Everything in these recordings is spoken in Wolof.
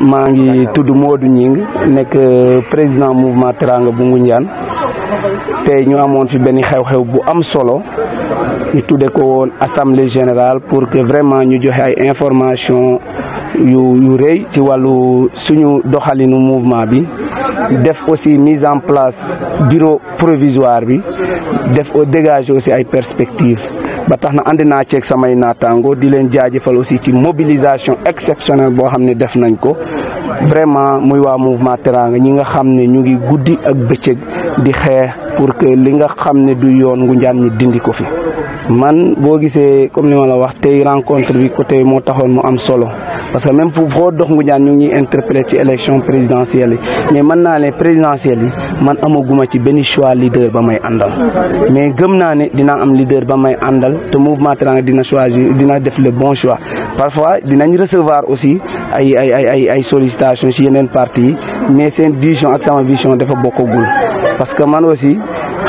maa ngi tudd Modou Gning nekk euh, président mouvement Teranga bu Ngoundiane te ñu amoon fi benn xew-xew bu am solo ñu tudde ko woon assemblée général pour que vraiment ñu joxe ay information yu yu rëy ci wàllu suñu doxalinu mouvement bi def aussi mise en place bureau provisoire bi def au dégage aussi ay perspectives ba tax na ànd naa ceeg samay naataango di leen jaajëfal aussi ci mobilisation exceptionnelle boo xam ne def nañ ko vraiment muy waa mouvement Teranga ñi nga xam ne ñu ngi guddi ak bëccëg di xeex pour que li nga xam ne du yoon Ngoundiane ñu dindi ko fi man boo gisee comme li ma la wax tey rencontre bi côté moo taxoon mu am solo parce que même foo dox Ngoundiane ñu ngi ñuy interpellé ci élection présidentielle yi mais mën naa ne présidentielle yi man amaguma ci benn choix leader ba may àndal mais gëm naa ne dinaa am leader ba may àndal te mouvement Teranga dina choisir dina def le bon choix parfois dinañ recevoir aussi ay ay ay ay sollicitation ci yeneen parti mais seen vision ak sama vision dafa bokkagul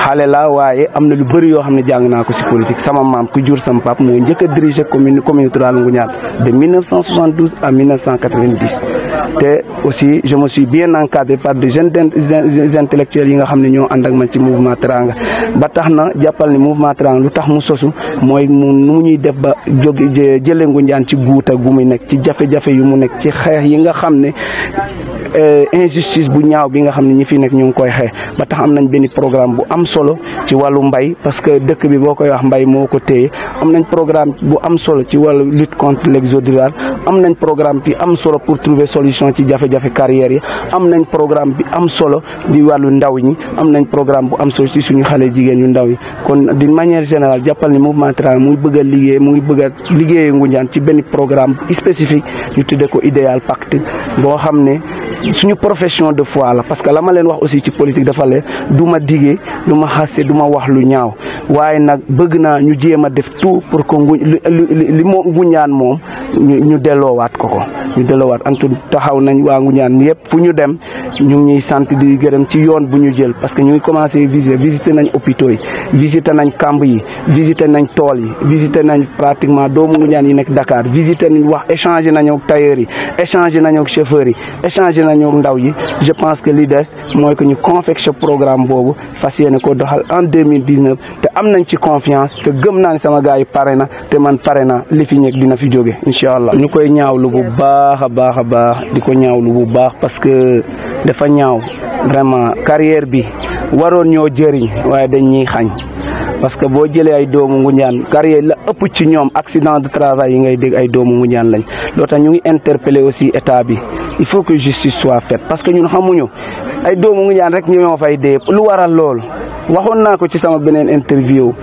xale la waaye am na lu bëri yoo xam ne jàng naa ko si politique sama maam ku jur sama pap moo njëkk a diriger commune commune rurale Ngoundiane de 1972 à 1990. te aussi je me suis bien encadré par des jeunes intellectuels yi nga xam ne ñoo ànd ak man ci mouvement Teranga ba tax na jàppal ni mouvement Teranga lu tax mu sosu mooy mu nu mu ñuy def ba jóge jëlee Ngoundiane ci guuta gu muy nekk ci jafe-jafe yu mu nekk ci xeex yi nga xam ne Euh, injustice bu ñaaw bi nga xam ne ñi fi nekk ñu ngi koy xeex ba tax am nañ benn programme bu am solo ci wàllu mbay parce que dëkk bi boo koy wax mbay moo ko téye am nañ programme bu am solo ci wàllu lutte contre l'exode rural am nañ programme bi am solo pour trouver solution ci jafe-jafe yi am nañ programme bi am solo di wàllu ndaw ñi am nañ programme bu am solo ci suñu xale jigéen ñu ndaw yi kon d'une manière générale jàppal ni mouvement rural mu ngi bëgg a liggéey mu ngi bëgg a liggéeye Ngoundiane ci benn programme spécifique ñu tuddee ko idéal pacte boo xam ne suñu profession de fois la parce que la ma leen wax aussi ci politique dafa leen du ma digee du ma xase du ma wax lu ñaaw waaye nag bëgg naa ñu jéem a def tout pour que ngu li moom nguñaan moom ñu delloowaat ko ko ñu delloowaat antu taxaw nañ waa nguñaan yëpp fu ñu dem ñu ñuy sant di gërëm ci yoon bu ñu jël parce que ñu ngi commencé visiter visiter nañ hôpitaux yi visiter nañ camp yi visiter nañ tool yi visiter nañ pratiquement doomu yi Dakar visiter nañ wax échanger nañu ak tailleur yi échanger nañu ak chauffeur yi échanger nañu ak ndaw yi je pense que li des que ñu confectionner programme ko doxal en 2019 am nañ ci confiance te gëm naa ne sama gars yi pare na te man pare na li fi ñekk dina fi jóge incha allah. ñu koy lu bu baax a baax a baax di ko lu bu baax parce que dafa ñaaw vraiment carrière bi. waroon ñoo jëriñ waaye dañ ñuy xañ parce que boo jëlee ay doomu Ngoundiane carrière la ëpp ci ñoom accident de travail yi ngay dégg ay doomu Ngoundiane lañ loo ñu ngi interpeller aussi état bi il faut que justice soit faite parce que ñun xamuñu ay doomu Ngoundiane rek ñoo fay dee lu waral lool waxoon naa ko ci sama beneen interview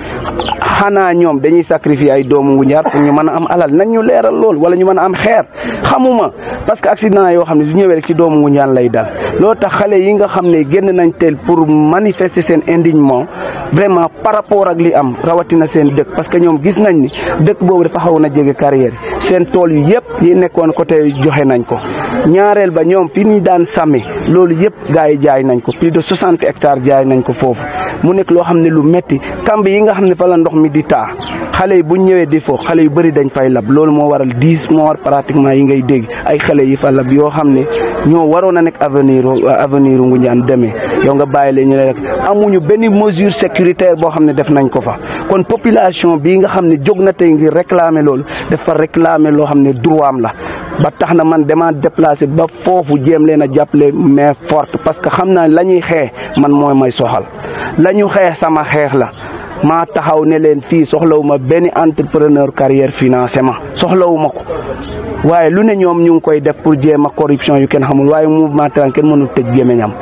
xana ñom dañuy sacrifier ay doomu ñaar pour ñu mëna am alal nañ ñu léral lool wala ñu mëna am xéer xamuma parce que accident yo xamni du ñëwé rek ci doomu ñaan lay dal lo tax xalé yi nga xam genn nañ tel pour manifester sen indignement vraiment par rapport ak li am na sen dëkk parce que ñom gis nañ ni dëkk bobu dafa xaw na jege carrière sen tool yu yépp yi nekkoon côté joxé nañ ko ñaarel ba ñom fi ñu daan samé lool yépp gaay jaay nañ ko plus de 60 hectares jaay nañ ko fofu mu nekk lo xam lu metti kambe yi nga xam fa la ndox mi mi di taa xale yi bu ñëwee di fo xale yu bëri dañ fay lab loolu moo waral dix moo war pratiquement yi ngay dégg ay xale yi fa lab yoo xam ne ñoo waroon a nekk avenir avenir Ngoundiane demee yow nga bàyyi leen ñu ne rek amuñu benn mesure sécuritaire boo xam ne def nañ ko fa kon population bii nga xam ne jóg na tey ngir réclamer loolu dafa réclamer loo xam ne droit am la ba tax na man dama déplacé ba foofu jéem leen a jàppale mais forte parce que xam naa la ñuy xeex man mooy may soxal la maa taxaw ne leen fii soxlawuma benn entrepreneur carrière financé ma soxlawuma ko waaye lu ne ñoom ñu ngi koy def pour jéem a corruption yu kenn xamul waaye mouvement Trank kenn mënul tëj gémmiñam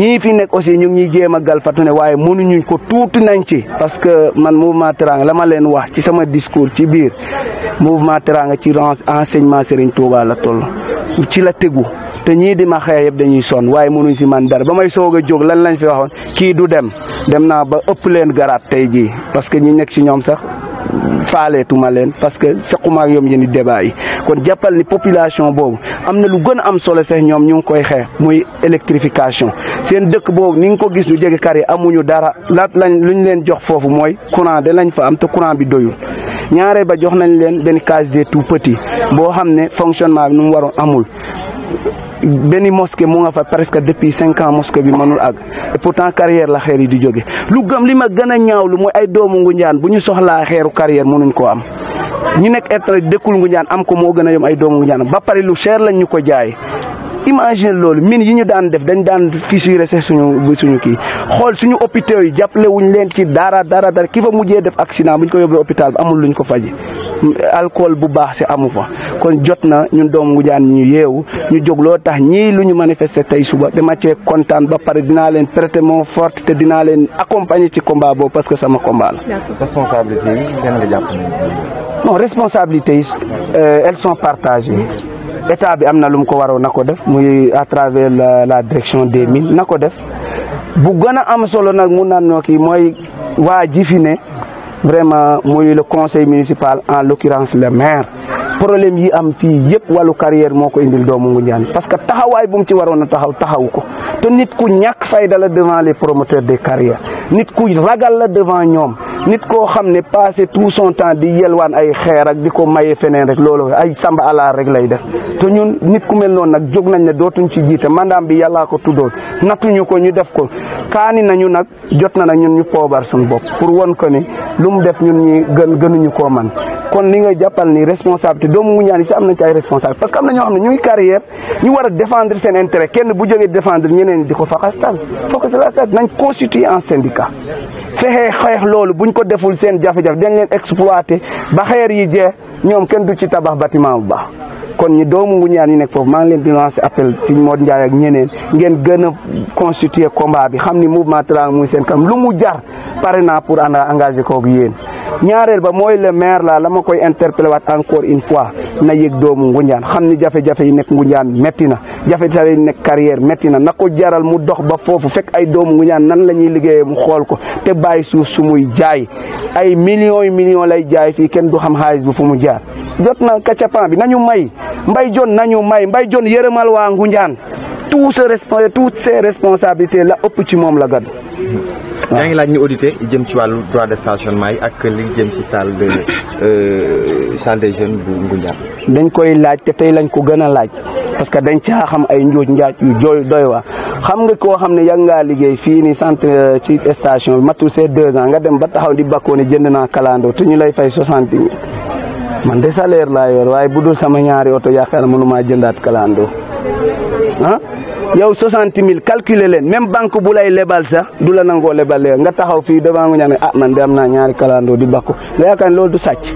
ñii fi nekk aussi ñu ngi ñuy jéem a galfatu ne waaye mënuñu ko tuuti nañ ci parce que man mouvement Trank la leen wax ci sama discours ci biir mouvement Trank ci renseignement Serigne Touba la toll. ci la tegu te ñii di ma xëy yëpp dañuy sonn waaye mënuñ si man dara ba may soog a jóg lan lañ fi waxoon kii du dem dem naa ba ëpp leen garaat tey jii parce que ñi nekk si ñoom sax faaleetuma leen parce que sequma ak yom yéen i kon jàppal ni population boobu am na lu gën a am solo sax ñoom ñu ngi koy xeex muy électrification seen dëkk boobu ni nga ko gis ñu jege kar yi amuñu dara laat lañ luñ leen jox foofu mooy courant da lañ fa am te courant bi doyul ñaare ba jox nañ leen benn case des tout petits boo xam ne fonctionnement nu mu waroon amul. benn mosquée mu nga fa presque depuis cinq ans mosquée bi mënul àgg et pourtant carrière la xeer yi di jóge lu gëm li ma gën a ñaaw lu mooy ay doomu Ngoundiane bu ñu soxlaa xeeru carrière mënuñ koo am. ñu nekk être dëkkul Ngoundiane am ko moo gën a yom ay doomu Ngoundiane ba pare lu cher lañ ñu ko jaay imagine loolu mine yi ñu daan def dañ daan fissuré sax suñu suñu kii xool suñu hôpitaux yi jàppale wuñ leen ci dara dara dara ki fa mujjee def accident bu ñu ko yóbbee hôpital bi amul luñ ko faj alcool bu baax si amu fa kon jot na ñun doom jaan ñu yeewu ñu jóg loo tax ñii lu ñu manifester tey suba dama cee kontaan ba pare dinaa leen prêter mon forte te dinaa leen accompagner ci combat parce que sama combat la. responsabilité yi ngeen nga yi euh, état bi am na lu mu ko waroon na ko def muy à travers la direction des ah. mines na ko def bu gën a am solo nag mun naan ñoo kii mooy waa ji fi ne vraiment muy le conseil municipal en l'occurrence le maire problème yi am fii yëpp walu carrière moo ko indil doomu Ngoundiane parce que taxawaay bu mu ci waroon a taxaw taxawu ko te nit ku ñàkk fayda la devant les promoteurs des carrières nit ku ragal la devant ñoom nit koo xam ne passé tout son temps di yelwaan ay xeer ak di ko maye feneen rek loolu ay samba alaar rek lay def te ñun nit ku mel noonu nag jog nañ ne dootuñ ci jiite mandaam bi yàllaa ko tuddoon natuñu ko ñu def ko kaani nañu nag jot na nag ñun ñu poobar suñu bopp pour won ko ni lu mu def ñun ñu gën gënuñu koo man kon li nga jàppal ni responsabilité doomu ngu ñaan yi si am nañ ci ay responsabilité parce que am na ñoo xam ne ñu carrière ñu war a défendre seen intérêt kenn bu jógee défendre ñeneen di ko faxastal faut que cela nañ constituer un syndicat fexee xeex loolu buñ ko deful seen jafe-jafe dañ leen exploité ba xeer yi jeex ñoom kenn du ci tabax bâtiment bu baax kon ñi doomu Ngoundiane yi nekk foofu maa ngi leen di lancer appel si Modou Ndiaye ak ñeneen ngeen gën a constituer combat bi xam ni mouvement Tra muy seen kam lu mu jar pare naa pour ànd engagé koog yéen ñaareel ba mooy le maire la la ma koy interpellé waat encore une fois na yëg doomu Ngunjaan xam ni jafe-jafe yi nekk Ngunjaan métti na jafe-jafe yi nekk carrière métti na na ko jaral mu dox ba foofu fekk ay doomu Ngunjaan nan la ñuy liggéeyee mu xool ko te bàyyi suuf su muy jaay ay millions yu millions lay jaay fii kenn du xam xaalis bi fu mu jaar jot na kacapan bi nañu may mbay jon nañu may mbay jon yërëmal waa Ngunjaan tout ce toutes responsabilité la ëpp ci moom la gàddu yaa ngi laaj ñu audité jëm ci wàllu droit de stationnement yi ak li jëm ci saal de euh, salle des jeunes bu Ngoundiane. dañ koy laaj te tey lañ ko gën a laaj parce que dañ caa xam ay njuuj njaaj yu jooy doy waa xam nga koo xam ne yàgg ngaa liggéey fii ni centre euh, ci station matu matul see deux ans nga dem ba taxaw di bakkoo ne jënd naa kalandoo te ñu lay fay soixante mille man de salaire laa yor waaye bu dul sama ñaari oto yaakaar mënumaa jëndaat kalando ah yow soixante mille calculer leen même banque bu lay lebal sax du la nangoo lebal nga taxaw fii devant nga ne a ah, man de naa ñaari kalandoo di bakku nga yaakaar loolu du sàcc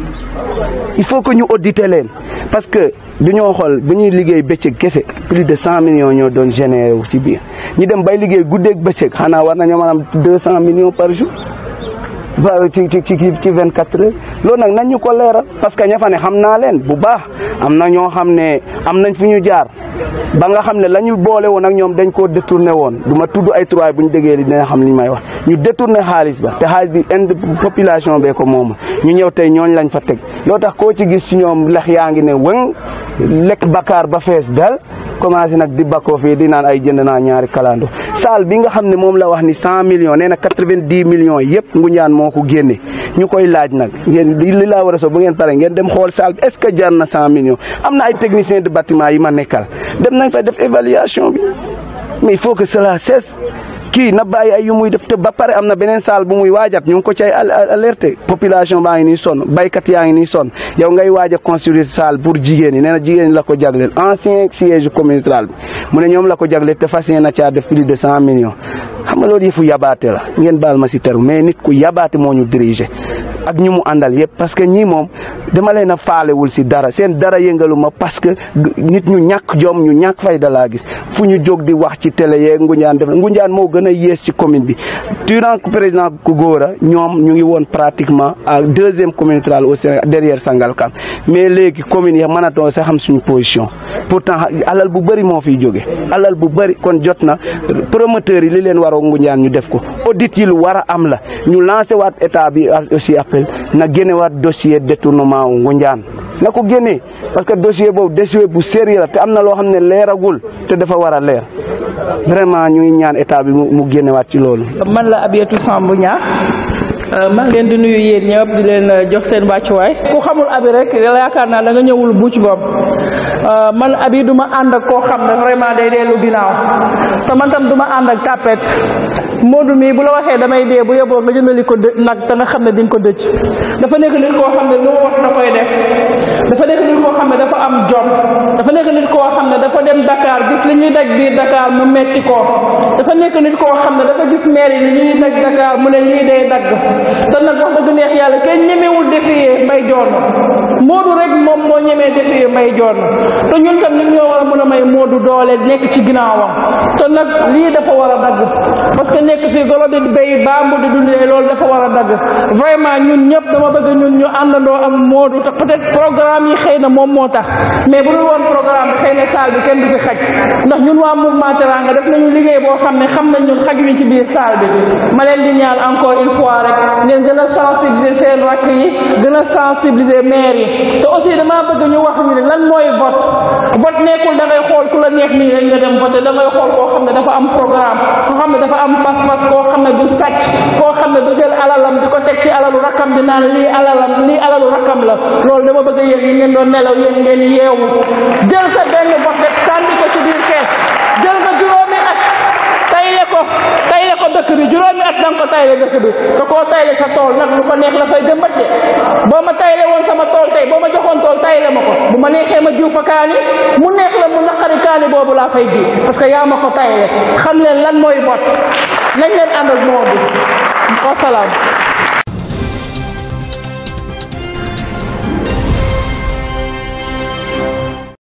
il faut que ñu auditer leen parce que du ñoo xool bu ñuy liggéey bëccëg kese plus de cent millions ñoo doon généré wu ci biir ñu dem bay liggéey guddeeg bëccëg xanaa war nañoo maanaam deux cent millions par jour waaw ci ci ci ci vingt quatre heures nag nañ ñu ko leeral parce que ña fa xam naa leen bu baax am na ñoo xam ne am nañ fu ñu jaar ba nga xam ne la ñu boole woon ak ñoom dañ koo détourné woon du ma tudd ay tuwaay bu ñu déggee li dina xam li may wax ñu détourné xaalis ba te xaalis bi ind population bee ko moom ñu ñëw tey ñooñ lañ fa teg loo tax koo ci gis si ñoom lex yaa ngi ne wëng lekk bakkaar ba fees dal commencé nag di bakkoo fii di naan ay jënd naa ñaari kalandu saal bi nga xam ne moom la wax ni cent million nee na quatre-vingt-dix millions yëpp Ngoundiane moo ko génne ñu koy laaj nag ngeen li laa war a bu ngeen pare ngeen dem xool saal bi est-ce que jar na cent millions am na ay technicien de bâtiment yi ma nekkal dem nañ fay def évaluation bi mais il faut que cela cesse kii na bàyyi ay yu muy def te ba pare am na beneen saal bu muy waajat ñu ngi ko ci ay alerté population baa ngi nii sonn baykat yaa ngi nii sonn yow ngay waaj a construire saal pour jigéen ñi nee na jigéen la ko jagleel ancien siège communautaire bi mu ne ñoom la ko jagleel te fas yéene na caa def plus de cent millions xam nga yi fu yabaate la ngeen baal ma si teru mais nit ku yabaate moo ñu diriger ak ñimu mu yépp parce que ñi moom dama leen a faalewul si dara seen dara yëngaluma parce que nit ñu ñàkk jom ñu ñàkk da laa gis fu ñu jóg di wax ci télé yeeg ngunjaan def ngunjaan moo gën a yées ci commune bi durant président Gora ñoom ñu ngi woon pratiquement à deuxième commune trale au Sénégal derrière Sangalkam mais léegi commune yi mënatoo sa xam suñu position pourtant alal bu bëri moo fiy jóge alal bu bëri kon jot na promoteurs yi li leen waroo ngunjaan ñu def ko audit yi lu war a am la ñu lancer waat état bi aussi appel na génnewaat dossier détournement wu Ngunjaan na ko génnee parce que dossier boobu dossier bu sérieux a te am na loo xam ne leeragul te dafa war a leer vraiment ñuy ñaan état bi mu génnewaat ci loolu. man la Abiatou Sambou Niang euh, maa ngi leen di nuyu yéen ñëpp di leen euh, jox seen wàccuwaay. ku xamul abi rek yaakaar naa da ñëwul buuc boobu. Euh, man abi du ma ànd ak koo xam ne vraiment day deelu ginnaaw te man tam du ma ànd ak tàppet du mii bu la waxee damay dee bu yeboo nga jëndali ko nag te nga xam ne di ko dëj dafa nekk nit koo xam ne lu wax da koy def dafa nekk nit xam ne dafa am jom dafa nekk nit koo xam ne dafa dem Dakar gis li ñuy daj biir Dakar mu metti ko dafa nekk nit koo xam ne dafa gis maire yi li ñuy daj Dakar mu ne lii day dagg te nag wax dëgg neex yàlla kenn ñemewul defiyee mbay joon Modou rek moom moo ñemee defiyee mbay joon te ñun kat li ñoo war a mën a may moo du doole nekk ci ginnaawam te nag lii dafa war a dagg parce que nekk fii golo di béy bambu di dundee loolu dafa war a dagg vraiment ñun ñëpp dama bëgg ñun ñu àndandoo am moodu te peut-être programme yi xëy na moom moo tax mais bu dul woon programme bi xëy na salle bi kenn du fi xaj ndax ñun waa mouvement Teranga def nañu liggéey boo xam ne xam nañ ñun xaj ci biir salle bi ma leen di ñaan encore une fois rek ngeen gën a sensibiliser seen yi gën a sensibiliser maire vote nekkul da ngay xool ku la neex nii rek nga xool koo xam ne dafa am programme koo xam ne dafa am pas-pas koo xam ne du sàcc koo xam ne du jël alalam di ko teg ci alalu rakkam di naan lii alalam lii alalu rakkam la loolu dama bëgg a yéen yi ngeen doon nelaw yéen ngeen yeewu jël sa benn vote bi juróomi at danga ko tayle dëkk bi te koo tayle sa tool nag lu ko neex la fay jëmbat de boo ma tayle woon sama tool tey boo ma joxoon tool tayle ma ko bu ma neexee ma jiw fa kaani mu neex la mu naqari kaani boobu laa fay ji parce que yaa ma ko tayle xam leen lan mooy bot nañ leen ànd ak moo bi wasalaam